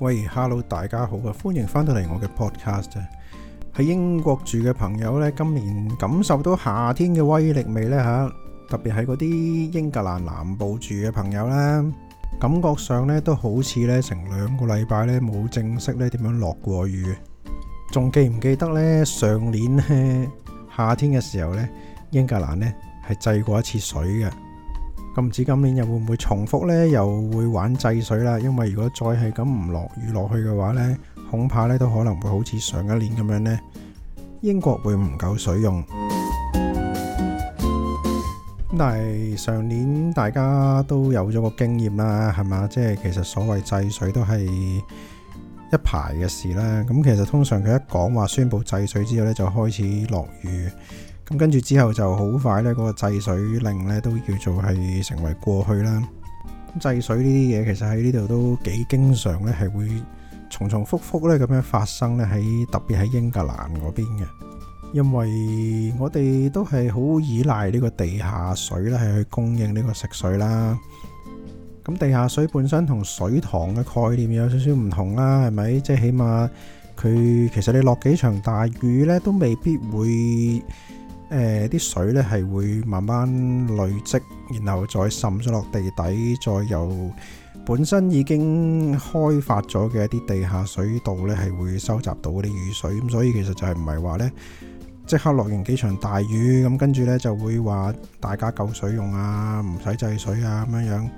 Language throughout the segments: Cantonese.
喂，Hello，大家好啊！歡迎翻到嚟我嘅 podcast。喺英國住嘅朋友呢，今年感受到夏天嘅威力未呢？吓？特別係嗰啲英格蘭南部住嘅朋友呢，感覺上呢都好似呢成兩個禮拜呢冇正式呢點樣落過雨。仲記唔記得呢上年呢夏天嘅時候呢，英格蘭呢係制過一次水嘅。咁唔知今年又會唔會重複呢？又會玩制水啦，因為如果再係咁唔落雨落去嘅話呢，恐怕呢都可能會好似上一年咁樣呢，英國會唔夠水用。但係上年大家都有咗個經驗啦，係嘛？即係其實所謂制水都係一排嘅事啦。咁其實通常佢一講話宣布制水之後呢，就開始落雨。咁跟住之後就好快咧，嗰個制水令咧都叫做係成為過去啦。咁制水呢啲嘢其實喺呢度都幾經常咧，係會重重複複咧咁樣發生咧，喺特別喺英格蘭嗰邊嘅，因為我哋都係好依賴呢個地下水咧，係去供應呢個食水啦。咁地下水本身同水塘嘅概念有少少唔同啦，係咪？即係起碼佢其實你落幾場大雨咧，都未必會。誒啲、呃、水呢係會慢慢累積，然後再滲咗落地底，再由本身已經開發咗嘅一啲地下水道呢係會收集到啲雨水。咁所以其實就係唔係話呢即刻落完幾場大雨，咁跟住呢就會話大家夠水用啊，唔使制水啊咁樣樣。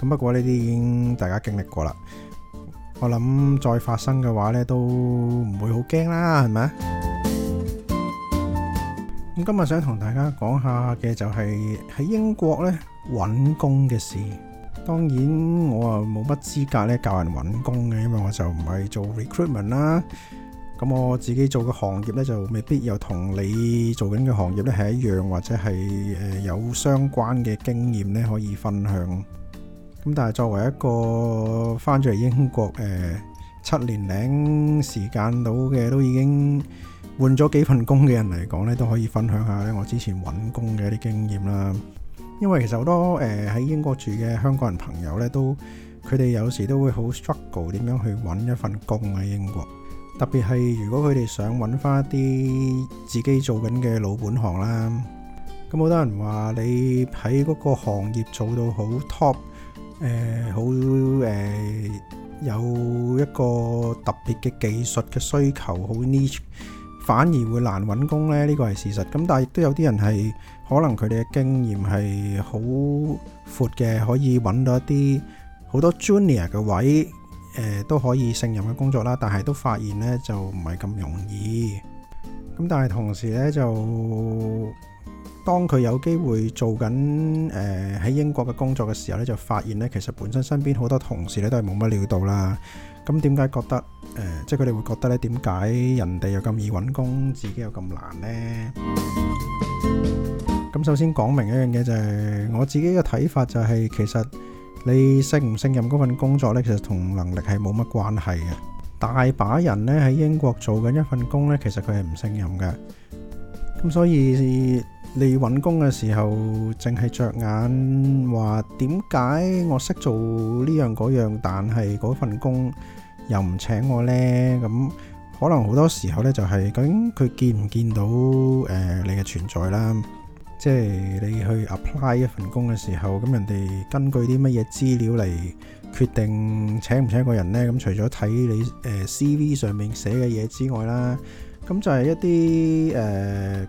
咁不過呢啲已經大家經歷過啦。我諗再發生嘅話呢都唔會好驚啦，係咪？咁今日想同大家講下嘅就係喺英國咧搵工嘅事。當然我啊冇乜資格咧教人搵工嘅，因為我就唔係做 recruitment 啦。咁我自己做嘅行業咧就未必有同你做緊嘅行業咧係一樣，或者係誒有相關嘅經驗咧可以分享。咁但係作為一個翻咗嚟英國誒七年零時間到嘅，都已經。換咗幾份工嘅人嚟講呢都可以分享下呢。我之前揾工嘅一啲經驗啦，因為其實好多誒喺、呃、英國住嘅香港人朋友呢，都佢哋有時都會好 struggle 點樣去揾一份工喺英國。特別係如果佢哋想揾翻啲自己做緊嘅老本行啦，咁好多人話你喺嗰個行業做到好 top，誒好誒有一個特別嘅技術嘅需求，好 niche。反而會難揾工呢，呢個係事實。咁但係亦都有啲人係可能佢哋嘅經驗係好闊嘅，可以揾到一啲好多 junior 嘅位，誒都可以勝任嘅工作啦。但係都發現呢就唔係咁容易。咁但係同時呢就當佢有機會做緊誒喺英國嘅工作嘅時候呢，就發現呢其實本身身邊好多同事呢都係冇乜料到啦。咁點解覺得誒，即係佢哋會覺得呢？點解人哋又咁易揾工，自己又咁難呢？咁首先講明一樣嘢就係，我自己嘅睇法就係，其實你勝唔勝任嗰份工作呢，其實同能力係冇乜關係嘅。大把人呢喺英國做緊一份工呢，其實佢係唔勝任嘅。咁所以。你揾工嘅時候，淨係著眼話點解我識做呢樣嗰樣，但係嗰份工又唔請我呢？咁可能好多時候呢，就係究竟佢見唔見到誒你嘅存在啦？即係你去 apply 一份工嘅時候，咁人哋根據啲乜嘢資料嚟決定請唔請一個人呢？咁除咗睇你誒 CV 上面寫嘅嘢之外啦，咁就係一啲誒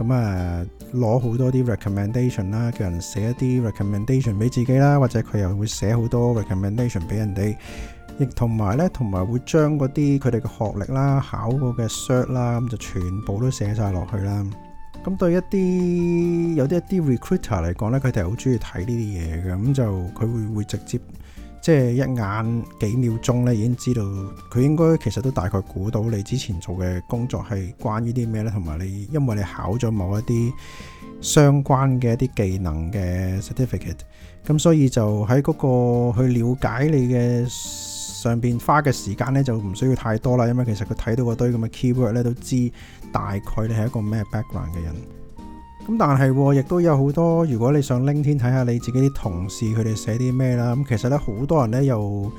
咁啊，攞好多啲 recommendation 啦，叫人寫一啲 recommendation 俾自己啦，或者佢又會寫好多 recommendation 俾人哋，亦同埋咧，同埋會將嗰啲佢哋嘅學歷啦、考過嘅 cert 啦，咁就全部都寫晒落去啦。咁對一啲有啲一啲 recruiter 嚟講咧，佢哋係好中意睇呢啲嘢嘅，咁就佢會會直接。即係一眼幾秒鐘咧，已經知道佢應該其實都大概估到你之前做嘅工作係關於啲咩咧，同埋你因為你考咗某一啲相關嘅一啲技能嘅 certificate，咁所以就喺嗰個去了解你嘅上邊花嘅時間咧就唔需要太多啦，因為其實佢睇到嗰堆咁嘅 keyword 咧都知大概你係一個咩 background 嘅人。咁但係，亦都有好多。如果你想 LinkedIn 睇下你自己啲同事佢哋寫啲咩啦，咁其實咧好多人咧又唔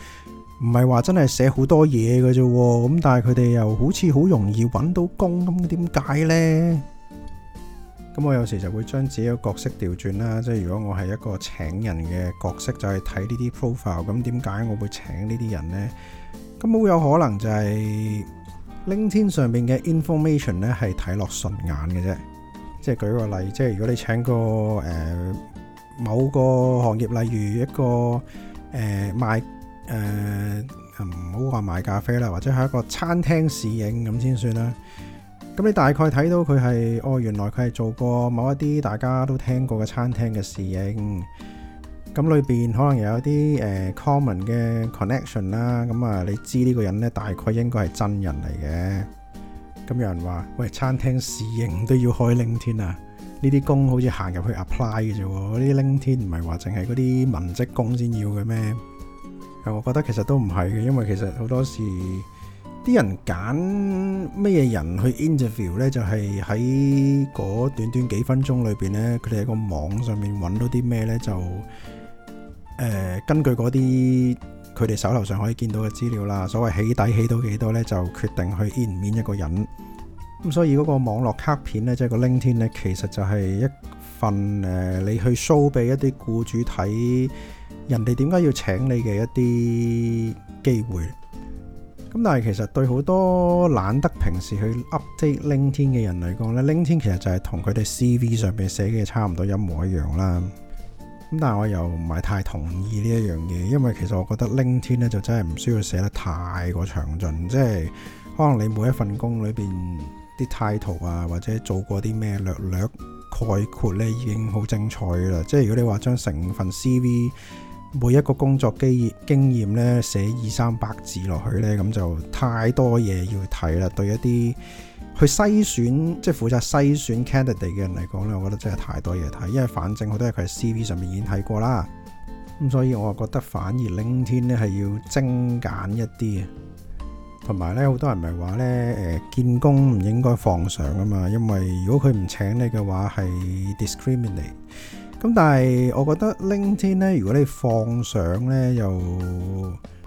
係話真係寫好多嘢嘅啫。咁但係佢哋又好似好容易揾到工，咁點解咧？咁我有時就會將自己嘅角色調轉啦，即係如果我係一個請人嘅角色，就係睇呢啲 profile。咁點解我會請呢啲人咧？咁好有可能就係 LinkedIn 上邊嘅 information 咧係睇落順眼嘅啫。即係舉個例，即係如果你請個誒、呃、某個行業，例如一個誒、呃、賣誒唔好話賣咖啡啦，或者係一個餐廳侍應咁先算啦。咁你大概睇到佢係哦，原來佢係做過某一啲大家都聽過嘅餐廳嘅侍應。咁裏邊可能有啲誒、呃、common 嘅 connection 啦。咁啊，你知呢個人咧大概應該係真人嚟嘅。咁有人話，喂，餐廳侍應都要開 LinkedIn 啊！呢啲工好似行入去 apply 嘅啫喎，嗰啲 LinkedIn 唔係話淨係嗰啲文職工先要嘅咩？但我覺得其實都唔係嘅，因為其實好多時啲人揀乜嘢人去 interview 呢，就係、是、喺短短幾分鐘裏邊呢，佢哋喺個網上面揾到啲咩呢？就誒、呃、根據嗰啲。佢哋手頭上可以見到嘅資料啦，所謂起底起到幾多呢，就決定去 in 面一個人。咁所以嗰個網絡卡片呢，即係個 LinkedIn 呢，其實就係一份誒、呃，你去 show 俾一啲雇主睇，人哋點解要請你嘅一啲機會。咁但係其實對好多懶得平時去 update LinkedIn 嘅人嚟講呢 LinkedIn 其實就係同佢哋 CV 上面寫嘅差唔多一模一樣啦。咁但係我又唔係太同意呢一樣嘢，因為其實我覺得 LinkedIn 咧就真係唔需要寫得太過詳盡，即係可能你每一份工裏面啲 title 啊，或者做過啲咩略略概括咧已經好精彩噶啦。即係如果你話將成份 CV 每一個工作經驗咧寫二三百字落去咧，咁就太多嘢要睇啦，對一啲。佢篩選即係負責篩選 candidate 嘅人嚟講咧，我覺得真係太多嘢睇，因為反正好多嘢佢喺 CV 上面已經睇過啦。咁所以我覺得反而 LinkedIn 咧係要精簡一啲啊。同埋咧，好多人咪話咧，誒、呃、見工唔應該放上啊嘛，因為如果佢唔請你嘅話係 discriminate。咁但係我覺得 LinkedIn 咧，如果你放上咧又。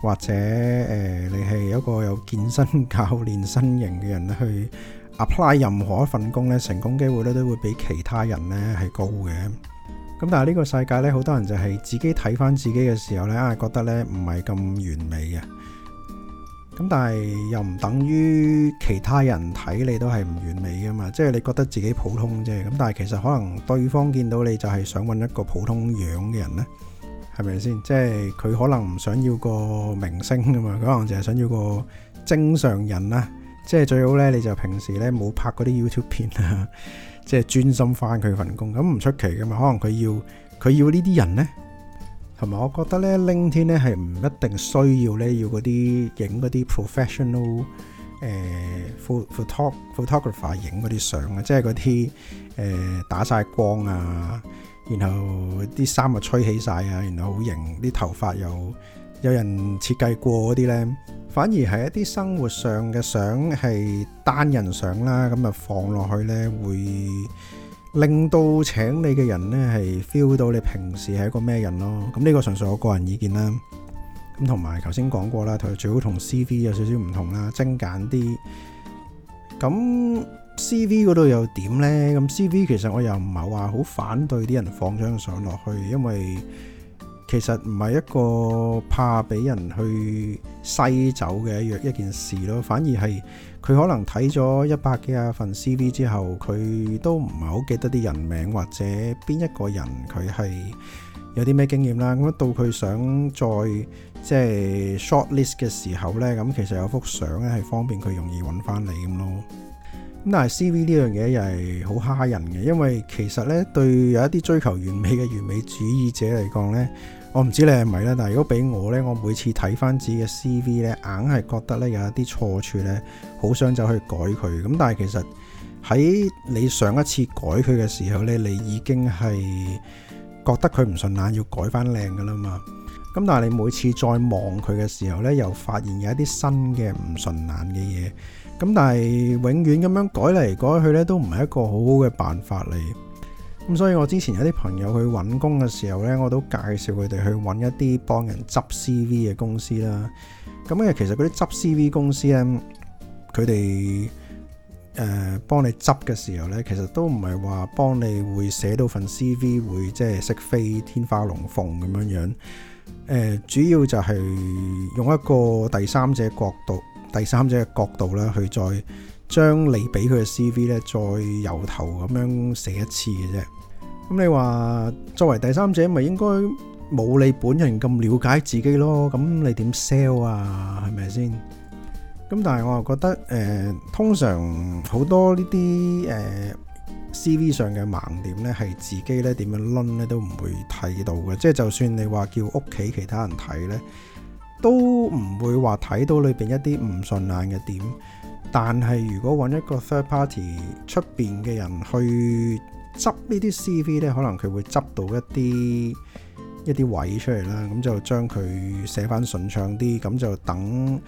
或者、呃、你係一個有健身教練身型嘅人，去 apply 任何一份工咧，成功機會咧都會比其他人咧係高嘅。咁但係呢個世界咧，好多人就係自己睇返自己嘅時候咧，啊覺得咧唔係咁完美嘅。咁但係又唔等於其他人睇你都係唔完美㗎嘛？即係你覺得自己普通啫。咁但係其實可能對方見到你就係想揾一個普通樣嘅人呢。係咪先？即係佢可能唔想要個明星噶嘛，佢可能淨係想要個正常人啦。即係最好咧，你就平時咧冇拍嗰啲 YouTube 片啊，即係專心翻佢份工。咁唔出奇噶嘛，可能佢要佢要呢啲人咧，同埋我覺得咧，LinkedIn 咧係唔一定需要咧要嗰啲影嗰啲 professional 誒 photographer 影嗰啲相啊，即係嗰啲誒打曬光啊。然後啲衫又吹起曬啊，然後好型，啲頭髮又有人設計過嗰啲呢，反而係一啲生活上嘅相係單人相啦，咁啊放落去呢會令到請你嘅人呢係 feel 到你平時係一個咩人咯。咁呢個純粹我個人意見啦。咁同埋頭先講過啦，同最好同 CV 有少少唔同啦，精簡啲。咁。C.V. 嗰度又點呢？咁 C.V. 其實我又唔係話好反對啲人放張相落去，因為其實唔係一個怕俾人去篩走嘅一一件事咯。反而係佢可能睇咗一百幾廿份 C.V. 之後，佢都唔係好記得啲人名或者邊一個人佢係有啲咩經驗啦。咁到佢想再即係 short list 嘅時候呢，咁其實有幅相咧係方便佢容易揾翻你咁咯。咁但係 CV 呢樣嘢又係好蝦人嘅，因為其實呢，對有一啲追求完美嘅完美主義者嚟講呢，我唔知你係咪啦。但係如果俾我呢，我每次睇翻自己嘅 CV 呢，硬係覺得呢，有一啲錯處呢，好想走去改佢。咁但係其實喺你上一次改佢嘅時候呢，你已經係覺得佢唔順眼，要改翻靚噶啦嘛。咁但係你每次再望佢嘅時候呢，又發現有一啲新嘅唔順眼嘅嘢。咁但係永遠咁樣改嚟改去咧，都唔係一個好好嘅辦法嚟。咁所以我之前有啲朋友去揾工嘅時候咧，我都介紹佢哋去揾一啲幫人執 CV 嘅公司啦。咁因為其實嗰啲執 CV 公司咧，佢哋誒幫你執嘅時候咧，其實都唔係話幫你會寫到份 CV 會即係識飛天花龍鳳咁樣樣。誒，主要就係用一個第三者角度。第三者嘅角度咧，去再將你俾佢嘅 CV 咧，再由頭咁樣寫一次嘅啫。咁你話作為第三者，咪應該冇你本人咁瞭解自己咯。咁你點 sell 啊？係咪先？咁但係我又覺得，誒，通常好多呢啲誒 CV 上嘅盲點咧，係自己咧點樣攆咧都唔會睇到嘅。即係就算你話叫屋企其他人睇咧。都唔會話睇到裏邊一啲唔順眼嘅點，但係如果揾一個 third party 出邊嘅人去執呢啲 CV 呢，可能佢會執到一啲一啲位出嚟啦，咁就將佢寫翻順暢啲，咁就等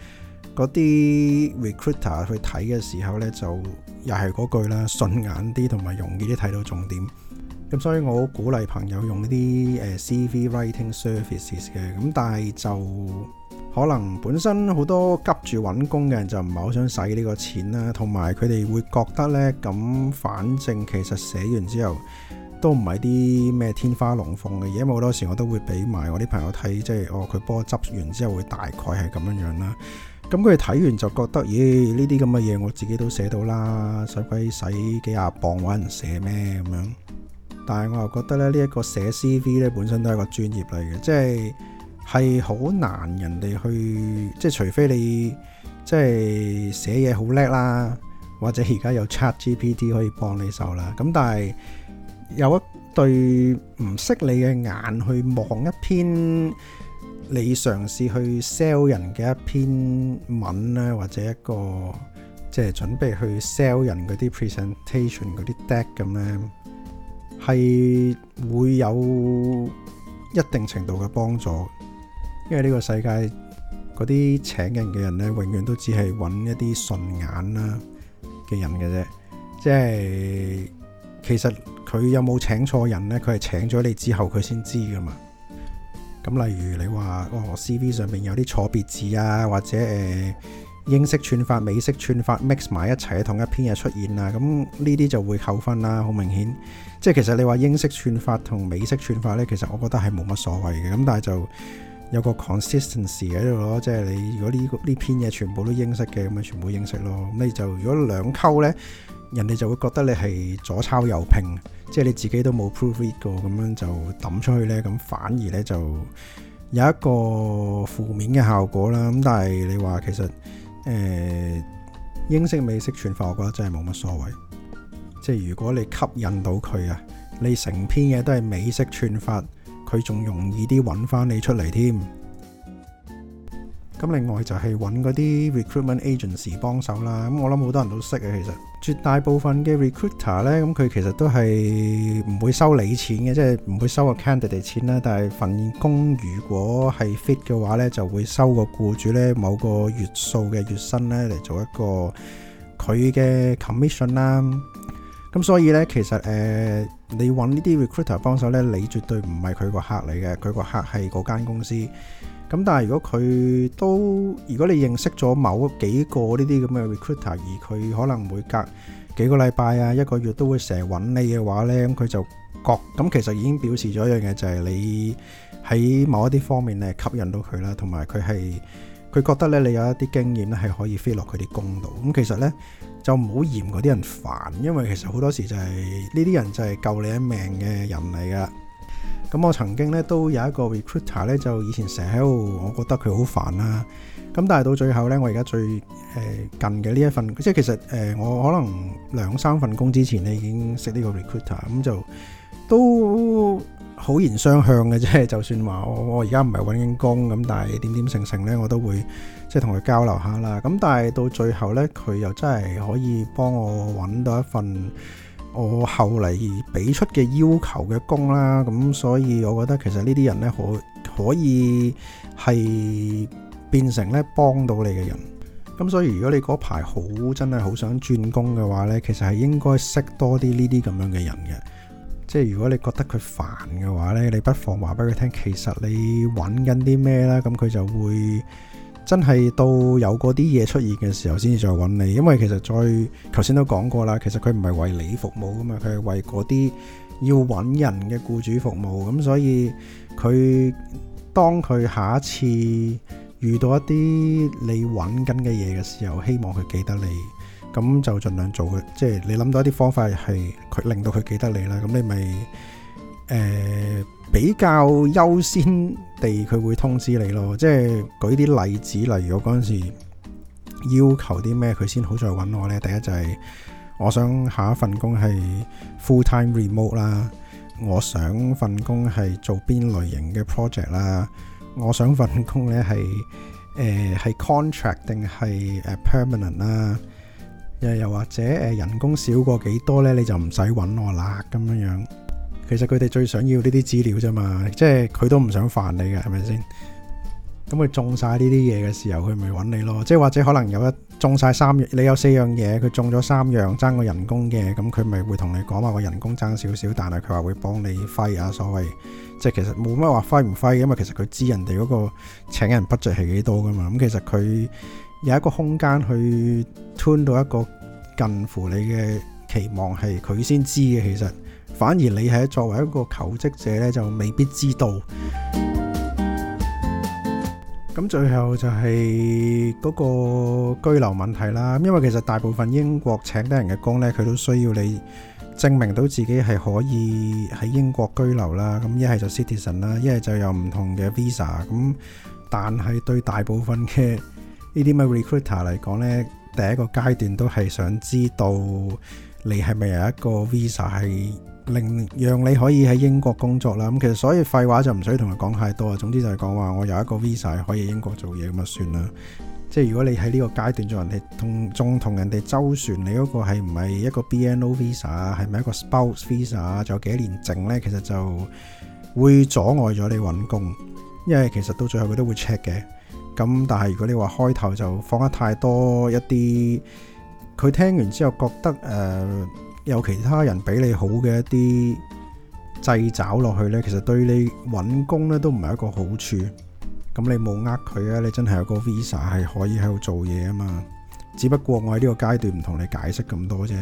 嗰啲 recruiter 去睇嘅時候呢，就又係嗰句啦，順眼啲同埋容易啲睇到重點。咁所以我好鼓勵朋友用呢啲誒 CV writing services 嘅，咁但係就。可能本身好多急住揾工嘅人就唔係好想使呢個錢啦，同埋佢哋會覺得呢，咁反正其實寫完之後都唔係啲咩天花龍鳳嘅嘢，因為好多時我都會俾埋我啲朋友睇，即係我佢幫我執完之後會大概係咁樣樣啦。咁佢哋睇完就覺得，咦，呢啲咁嘅嘢我自己都寫到啦，使鬼使幾廿磅揾人寫咩咁樣？但係我又覺得咧，呢一個寫 CV 咧本身都係一個專業嚟嘅，即係。係好難人，人哋去即係除非你即係寫嘢好叻啦，或者而家有 ChatGPT 可以幫你手啦。咁但係有一對唔識你嘅眼去望一篇你嘗試去 sell 人嘅一篇文咧，或者一個即係準備去 sell 人嗰啲 presentation 嗰啲 deck 咁咧，係會有一定程度嘅幫助。因為呢個世界嗰啲請人嘅人呢，永遠都只係揾一啲順眼啦嘅人嘅啫。即係其實佢有冇請錯人呢？佢係請咗你之後佢先知噶嘛。咁例如你話，我 C.V. 上面有啲錯別字啊，或者誒、呃、英式串法、美式串法 mix 埋一齊同一篇嘢出現啊，咁呢啲就會扣分啦。好明顯，即係其實你話英式串法同美式串法呢，其實我覺得係冇乜所謂嘅。咁但係就有個 consistency 喺度咯，即係你如果呢呢篇嘢全部都英式嘅，咁咪全部英式咯。咁你就如果兩溝呢，人哋就會覺得你係左抄右拼，即係你自己都冇 proofread 過，咁樣就抌出去呢。咁反而呢，就有一個負面嘅效果啦。咁但係你話其實誒、呃、英式美式串法，我覺得真係冇乜所謂。即係如果你吸引到佢啊，你成篇嘢都係美式串法。佢仲容易啲揾翻你出嚟添。咁另外就係揾嗰啲 recruitment agency 幫手啦。咁我諗好多人都識嘅，其實絕大部分嘅 recruiter 呢，咁佢其實都係唔會收你錢嘅，即係唔會收個 candidate 錢啦。但係份工如果係 fit 嘅話呢，就會收個僱主呢某個月數嘅月薪呢，嚟做一個佢嘅 commission 啦。咁所以咧，其實誒，你揾呢啲 recruiter 幫手咧，你絕對唔係佢個客嚟嘅，佢個客係嗰間公司。咁但係如果佢都如果你認識咗某幾個呢啲咁嘅 recruiter，而佢可能每隔幾個禮拜啊，一個月都會成日揾你嘅話咧，咁佢就覺咁其實已經表示咗一樣嘢，就係你喺某一啲方面咧吸引到佢啦，同埋佢係。佢覺得咧，你有一啲經驗咧，係可以飛落佢啲工度。咁其實咧，就唔好嫌嗰啲人煩，因為其實好多時就係呢啲人就係救你一命嘅人嚟噶。咁我曾經咧都有一個 recruiter 咧，就以前成日喺度，我覺得佢好煩啦。咁但係到最後咧，我而家最誒近嘅呢一份，即係其實誒我可能兩三份工之前咧已經識呢個 recruiter，咁就都。好言相向嘅啫，就算話我而家唔係揾緊工咁，但係點點成成呢，我都會即係同佢交流下啦。咁但係到最後呢，佢又真係可以幫我揾到一份我後嚟俾出嘅要求嘅工啦。咁所以我覺得其實呢啲人呢，可可以係變成呢幫到你嘅人。咁所以如果你嗰排好真係好想轉工嘅話呢，其實係應該識多啲呢啲咁樣嘅人嘅。即係如果你覺得佢煩嘅話呢，你不妨話俾佢聽，其實你揾緊啲咩啦，咁佢就會真係到有嗰啲嘢出現嘅時候，先至再揾你。因為其實再頭先都講過啦，其實佢唔係為你服務噶嘛，佢係為嗰啲要揾人嘅僱主服務。咁所以佢當佢下一次遇到一啲你揾緊嘅嘢嘅時候，希望佢記得你。咁就儘量做嘅，即係你諗到一啲方法係佢令到佢記得你啦。咁你咪誒比較優先地，佢會通知你咯。即係舉啲例子，例如我嗰陣時要求啲咩，佢先好再揾我呢？第一就係我想下一份工係 full-time remote 啦，我想份工係做邊類型嘅 project 啦，我想份工呢係誒係 contract 定係誒 permanent 啦。又又或者誒人工少過幾多咧，你就唔使揾我啦咁樣樣。其實佢哋最想要呢啲資料啫嘛，即係佢都唔想煩你嘅，係咪先？咁佢中晒呢啲嘢嘅時候，佢咪揾你咯。即係或者可能有一中晒三樣，你有四樣嘢，佢中咗三樣爭個人工嘅，咁佢咪會同你講話個人工爭少少，但係佢話會幫你揮啊。所謂即係其實冇乜話揮唔揮，因為其實佢知人哋嗰個請人 budget 係幾多噶嘛。咁其實佢。有一個空間去 tune 到一個近乎你嘅期望，係佢先知嘅。其實反而你係作為一個求職者呢，就未必知道。咁最後就係嗰個居留問題啦。因為其實大部分英國請嘅人嘅工呢，佢都需要你證明到自己係可以喺英國居留啦。咁一係就 citizen 啦，一係就有唔同嘅 visa。咁但係對大部分嘅呢啲咪 recruiter 嚟講呢，第一個階段都係想知道你係咪有一個 visa 係令讓你可以喺英國工作啦。咁其實所以廢話就唔使同佢講太多。總之就係講話我有一個 visa 係可以英國做嘢，咁就算啦。即係如果你喺呢個階段做人哋同仲同人哋周旋，你嗰個係唔係一個 BNO visa 啊？係咪一個 spouse visa 啊？仲有幾多年剩呢？其實就會阻礙咗你揾工，因為其實到最後佢都會 check 嘅。咁但係如果你話開頭就放得太多一啲，佢聽完之後覺得誒有其他人比你好嘅一啲制找落去呢，其實對你搵工呢都唔係一個好處。咁你冇呃佢啊，你真係有個 Visa 係可以喺度做嘢啊嘛。只不過我喺呢個階段唔同你解釋咁多啫。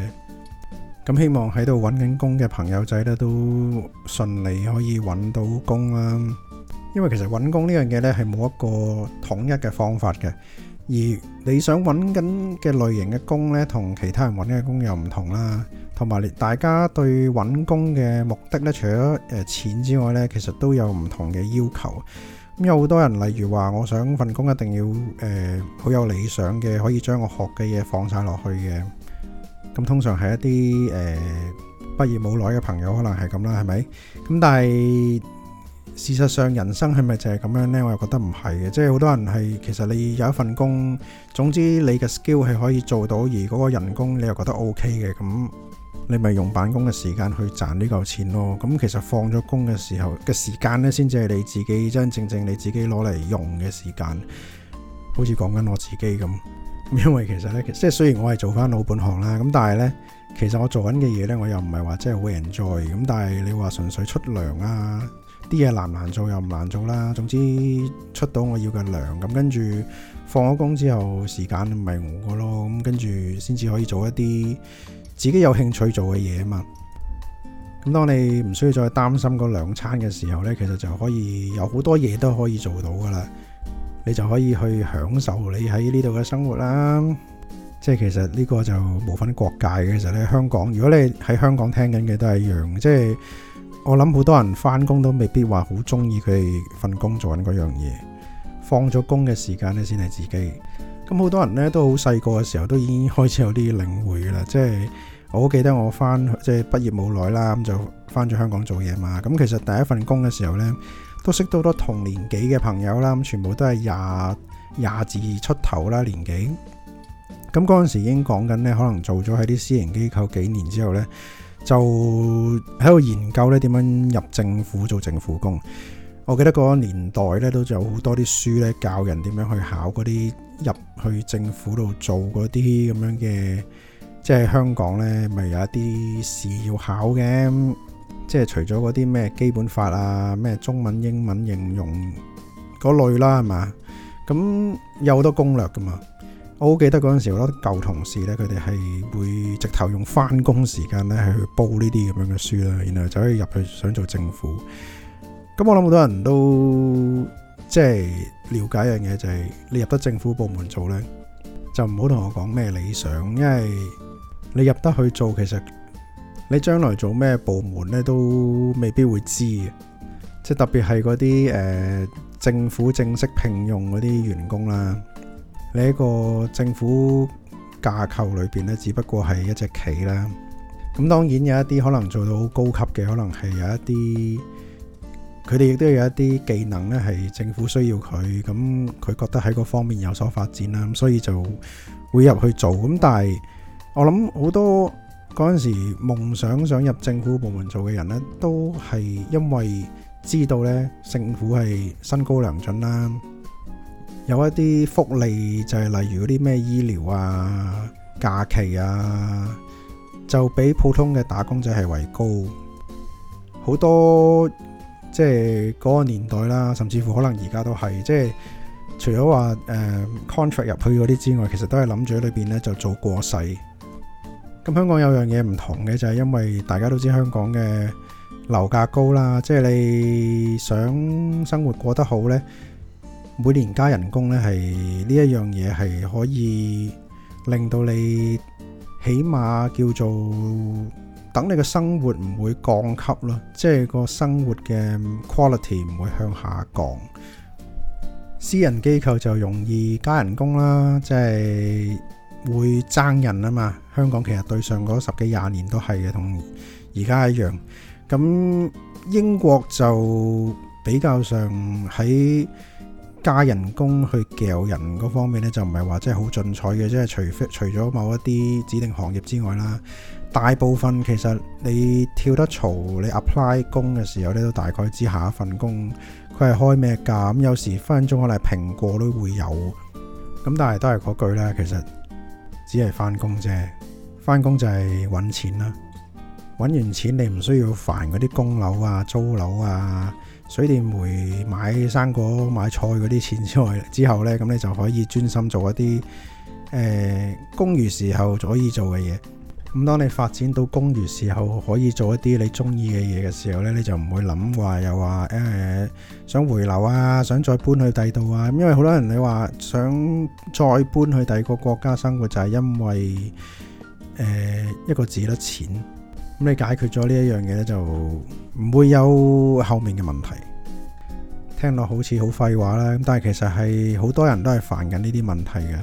咁希望喺度搵緊工嘅朋友仔呢都順利可以搵到工啦。因為其實搵工呢樣嘢呢係冇一個統一嘅方法嘅，而你想搵緊嘅類型嘅工呢，同其他人搵嘅工又唔同啦，同埋連大家對搵工嘅目的呢，除咗誒錢之外呢，其實都有唔同嘅要求。咁有好多人，例如話我想份工一定要誒好有理想嘅，可以將我學嘅嘢放晒落去嘅。咁通常係一啲誒畢業冇耐嘅朋友可能係咁啦，係咪？咁但係。事實上，人生係咪就係咁樣咧？我又覺得唔係嘅，即係好多人係其實你有一份工，總之你嘅 skill 係可以做到，而嗰個人工你又覺得 OK 嘅，咁你咪用辦公嘅時間去賺呢嚿錢咯。咁其實放咗工嘅時候嘅時間咧，先至係你自己真真正正你自己攞嚟用嘅時間。好似講緊我自己咁，咁因為其實咧，即係雖然我係做翻老本行啦，咁但係咧，其實我做緊嘅嘢咧，我又唔係話真係好 enjoy。咁但係你話純粹出糧啊？啲嘢難唔難做又唔難做啦，總之出到我要嘅糧，咁跟住放咗工之後時間咪我個咯，咁跟住先至可以做一啲自己有興趣做嘅嘢啊嘛。咁當你唔需要再擔心嗰兩餐嘅時候呢，其實就可以有好多嘢都可以做到噶啦。你就可以去享受你喺呢度嘅生活啦。即係其實呢個就冇分國界嘅其實咧，香港如果你喺香港聽緊嘅都係一樣，即係。我諗好多人翻工都未必話好中意佢哋份工做緊嗰樣嘢，放咗工嘅時間咧先係自己。咁好多人呢都好細個嘅時候都已經開始有啲領會㗎啦，即係我好記得我翻即係畢業冇耐啦，咁就翻咗香港做嘢嘛。咁其實第一份工嘅時候呢，都識到多同年紀嘅朋友啦，咁全部都係廿廿字出頭啦年紀。咁嗰陣時已經講緊呢，可能做咗喺啲私營機構幾年之後呢。就喺度研究咧，點樣入政府做政府工？我記得嗰個年代咧，都有好多啲書咧教人點樣去考嗰啲入去政府度做嗰啲咁樣嘅，即係香港咧，咪有一啲試要考嘅。即係除咗嗰啲咩基本法啊、咩中文英文應用嗰類啦，係嘛？咁有好多攻略㗎嘛。我好記得嗰陣時咯，我舊同事呢，佢哋係會直頭用翻工時間呢係去煲呢啲咁樣嘅書啦，然後就可以入去想做政府。咁我諗好多人都即係、就係、了解一樣嘢、就係，就係你入得政府部門做呢，就唔好同我講咩理想，因為你入得去做，其實你將來做咩部門呢，都未必會知嘅。即係特別係嗰啲誒政府正式聘用嗰啲員工啦。喺個政府架構裏邊咧，只不過係一隻棋啦。咁當然有一啲可能做到好高級嘅，可能係有一啲，佢哋亦都有一啲技能咧，係政府需要佢，咁佢覺得喺個方面有所發展啦，咁所以就會入去做。咁但係我諗好多嗰陣時夢想想入政府部門做嘅人咧，都係因為知道咧，政府係身高良準啦。有一啲福利就係例如嗰啲咩醫療啊、假期啊，就比普通嘅打工仔係為高好多。即係嗰個年代啦，甚至乎可能而家都係即係除咗話誒 contract 入去嗰啲之外，其實都係諗住喺裏邊咧就做過世。咁香港有樣嘢唔同嘅就係因為大家都知香港嘅樓價高啦，即係你想生活過得好呢。每年加人工呢，係呢一樣嘢係可以令到你起碼叫做等你個生活唔會降級咯，即係個生活嘅 quality 唔會向下降。私人機構就容易加人工啦，即係會爭人啊嘛。香港其實對上嗰十幾廿年都係嘅，同而家一樣。咁英國就比較上喺。加人工去撬人嗰方面咧，就唔係話即係好進取嘅，即係除非除咗某一啲指定行業之外啦，大部分其實你跳得槽，你 apply 工嘅時候咧，你都大概知下一份工佢係開咩價。咁有時分分鐘可能係平過都會有，咁但係都係嗰句啦，其實只係返工啫，返工就係揾錢啦。揾完錢你唔需要煩嗰啲供樓啊、租樓啊。水電煤買生果買菜嗰啲錢之外，之後呢，咁你就可以專心做一啲誒、呃、公餘時候可以做嘅嘢。咁當你發展到公餘時候，可以做一啲你中意嘅嘢嘅時候呢，你就唔會諗話又話誒、呃、想回流啊，想再搬去第二度啊。因為好多人你話想再搬去第二個國家生活，就係因為誒、呃、一個字得錢。咁你解決咗呢一樣嘢咧，就唔會有後面嘅問題。聽落好似好廢話啦，咁但係其實係好多人都係煩緊呢啲問題嘅。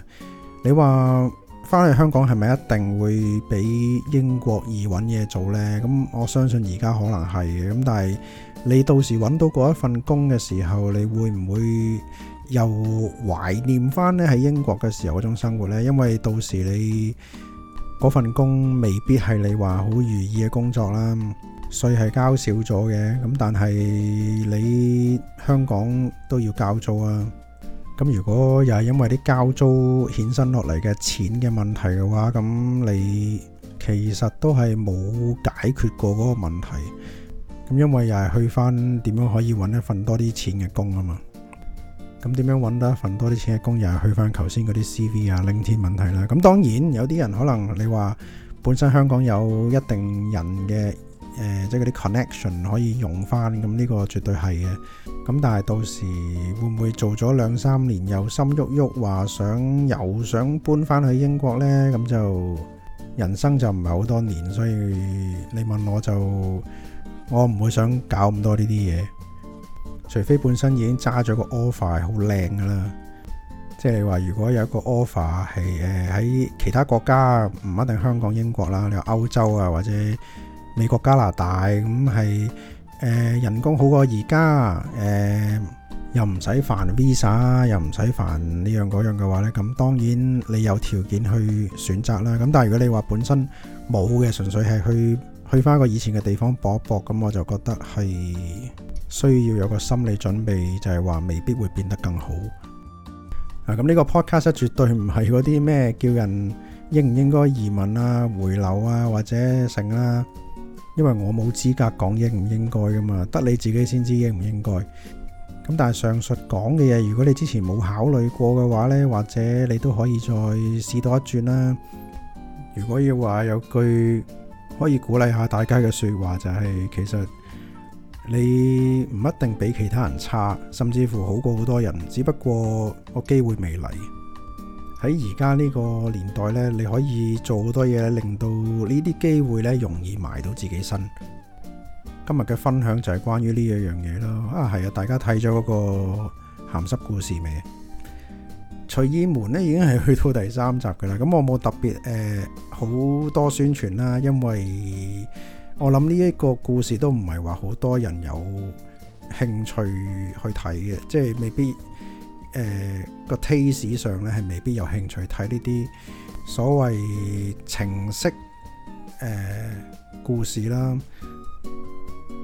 你話返去香港係咪一定會比英國易揾嘢做呢？咁我相信而家可能係嘅，咁但係你到時揾到嗰一份工嘅時候，你會唔會又懷念返呢喺英國嘅時候嗰種生活呢？因為到時你...嗰份工未必係你話好如意嘅工作啦，稅係交少咗嘅。咁但係你香港都要交租啊。咁如果又係因為啲交租衍生落嚟嘅錢嘅問題嘅話，咁你其實都係冇解決過嗰個問題。咁因為又係去翻點樣可以揾一份多啲錢嘅工啊嘛。咁點樣揾得一份多啲錢嘅工？又係去翻頭先嗰啲 CV 啊、LinkedIn、啊、問題啦。咁當然有啲人可能你話本身香港有一定人嘅即係、呃、嗰啲、就是、connection 可以用翻。咁呢個絕對係嘅。咁但係到時會唔會做咗兩三年又心喐喐話想又想搬翻去英國呢？咁就人生就唔係好多年，所以你問我就我唔會想搞咁多呢啲嘢。除非本身已經揸咗個 offer 係好靚㗎喇，即係你話如果有一個 offer 係誒喺其他國家，唔一定香港、英國啦，你話歐洲啊或者美國、加拿大咁係誒人工好過而家，誒又唔使煩 visa，又唔使煩呢樣嗰樣嘅話咧，咁當然你有條件去選擇啦。咁但係如果你話本身冇嘅，純粹係去。去翻個以前嘅地方搏一搏，咁我就覺得係需要有個心理準備，就係話未必會變得更好。啊，咁呢個 podcast 絕對唔係嗰啲咩叫人應唔應該移民啊、回流啊、或者成啦，因為我冇資格講應唔應該噶嘛，得你自己先知應唔應該。咁但係上述講嘅嘢，如果你之前冇考慮過嘅話呢，或者你都可以再試多一轉啦。如果要話有句，可以鼓勵下大家嘅説話就係，其實你唔一定比其他人差，甚至乎好過好多人。只不過個機會未嚟，喺而家呢個年代咧，你可以做好多嘢，令到呢啲機會咧容易埋到自己身。今日嘅分享就係關於呢一樣嘢咯。啊，係啊，大家睇咗嗰個鹹濕故事未？徐衣門咧已經係去到第三集嘅啦，咁我冇特別誒好、呃、多宣傳啦，因為我諗呢一個故事都唔係話好多人有興趣去睇嘅，即係未必誒個 taste 上咧係未必有興趣睇呢啲所謂情色誒故事啦。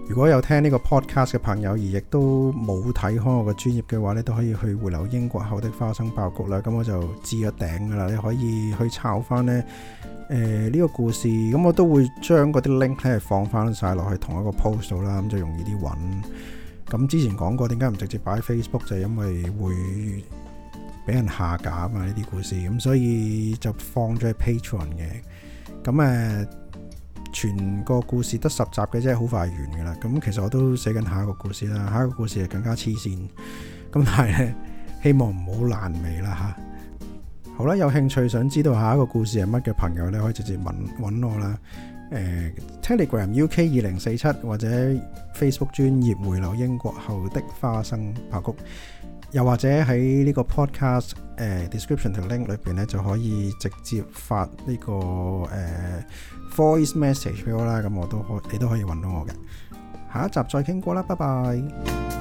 如果有聽呢個 podcast 嘅朋友，而亦都冇睇開我個專業嘅話咧，都可以去回流英國後的花生爆谷啦。咁我就置咗頂㗎啦，你可以去抄翻咧。誒、呃、呢、呢個故事，咁我都會將嗰啲 link 係放翻晒落去同一個 post 啦，咁就容易啲揾。咁之前講過點解唔直接擺 Facebook，就係因為會俾人下架啊嘛。呢啲故事，咁所以就放咗喺 Patreon 嘅。咁誒。呃全個故事得十集嘅啫，好快完噶啦。咁其實我都寫緊下一個故事啦，下一個故事係更加黐線。咁但係咧，希望唔好爛尾啦嚇。好啦，有興趣想知道下一個故事係乜嘅朋友咧，可以直接問揾我啦。誒 Telegram UK 二零四七，或者 Facebook 專頁回流英國後的花生爆谷，又或者喺呢個 Podcast 誒 Description Link 裏邊咧，就可以直接發呢個誒。Voice message 畀我啦，咁我都可，你都可以揾到我嘅。下一集再傾過啦，拜拜。